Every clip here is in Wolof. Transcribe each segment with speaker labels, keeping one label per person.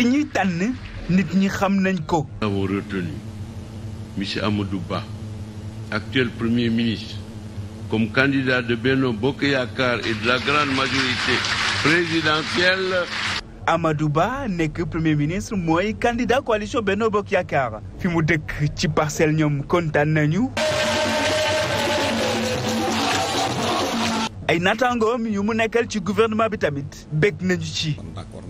Speaker 1: ki ñuy tànn nit ñi xam nañ ko. nous avons retenu monsieur Amadou Ba actuel premier ministre comme candidat de Benno Bokk Yaakaar et de la grande majorité présidentielle. Amadou Ba
Speaker 2: nekk premier ministre mooy candidat coalition Benno Bokk Yaakaar fi mu
Speaker 1: dëkk ci parcelle
Speaker 2: ñoom kontaan nañu. ay naataangoom yu mu nekkal ci gouvernement bi tamit bëgg nañu ci. kon d'accord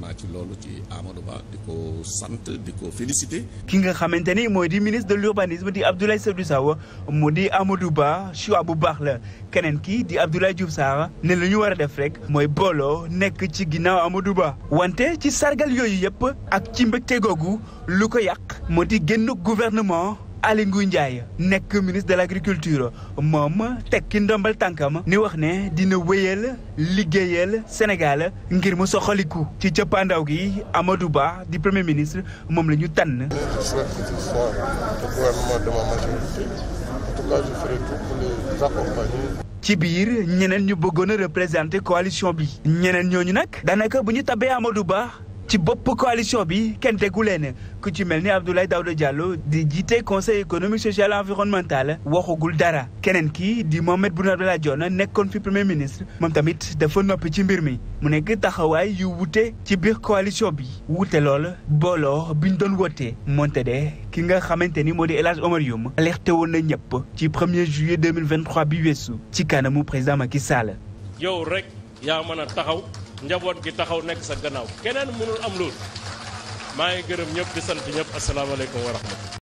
Speaker 2: di ko sant di ko féliciter. ki nga xamante ni mooy di ministre de l'urbanisme di Abdoulaye Seydou Sow mu di Amadou Ba choix bu baax la keneen ki di Abdoulaye Diouf Sarr ne lu ñu war a def rek mooy booloo nekk ci ginnaaw Amadou Ba wante ci sargal yooyu yëpp ak ci mbégte googu lu ko yàq moo di génn gouvernement. Aly Ngouille Ndiaye nekk ministre de l'agriculture moom tekki ndombal tànkam ni wax ne dina wéyal liggéeyal Sénégal ngir mu soxaliku ci cëppaandaw gi Amadou baax di premier ministre moom la ñu tànn. ci biir ñeneen ñu bëggoon a représenter coalition bi ñeneen ñooñu nag daanaka bu ñu tabee Amadou baax ci bopp coalition bi kenn tegu leen ku ci mel ni Abdoulaye Daouda Diallo di jiite conseil économique social et environnemental waxagul dara keneen kii di Mohamed Boun Abdallah Dionne nekkoon fi premier ministre moom tamit dafa noppi ci mbir mi mu nekk taxawaay yu wute ci biir coalition bi wute lool booloo bi ñu doon wootee moonte de ki nga xamante ni moo di El Hadj Omar woon na ñëpp ci 1er juillet 2023 bi weesu ci kanamu président ma Macky Sall.
Speaker 1: yow rek yaa mën a taxaw. njaboot gi taxaw nekk sa gannaaw keneen mënul am loolu maa ngi gërëm ñëpp di sant ñëpp asalaamaaleykum wa rahmatulah.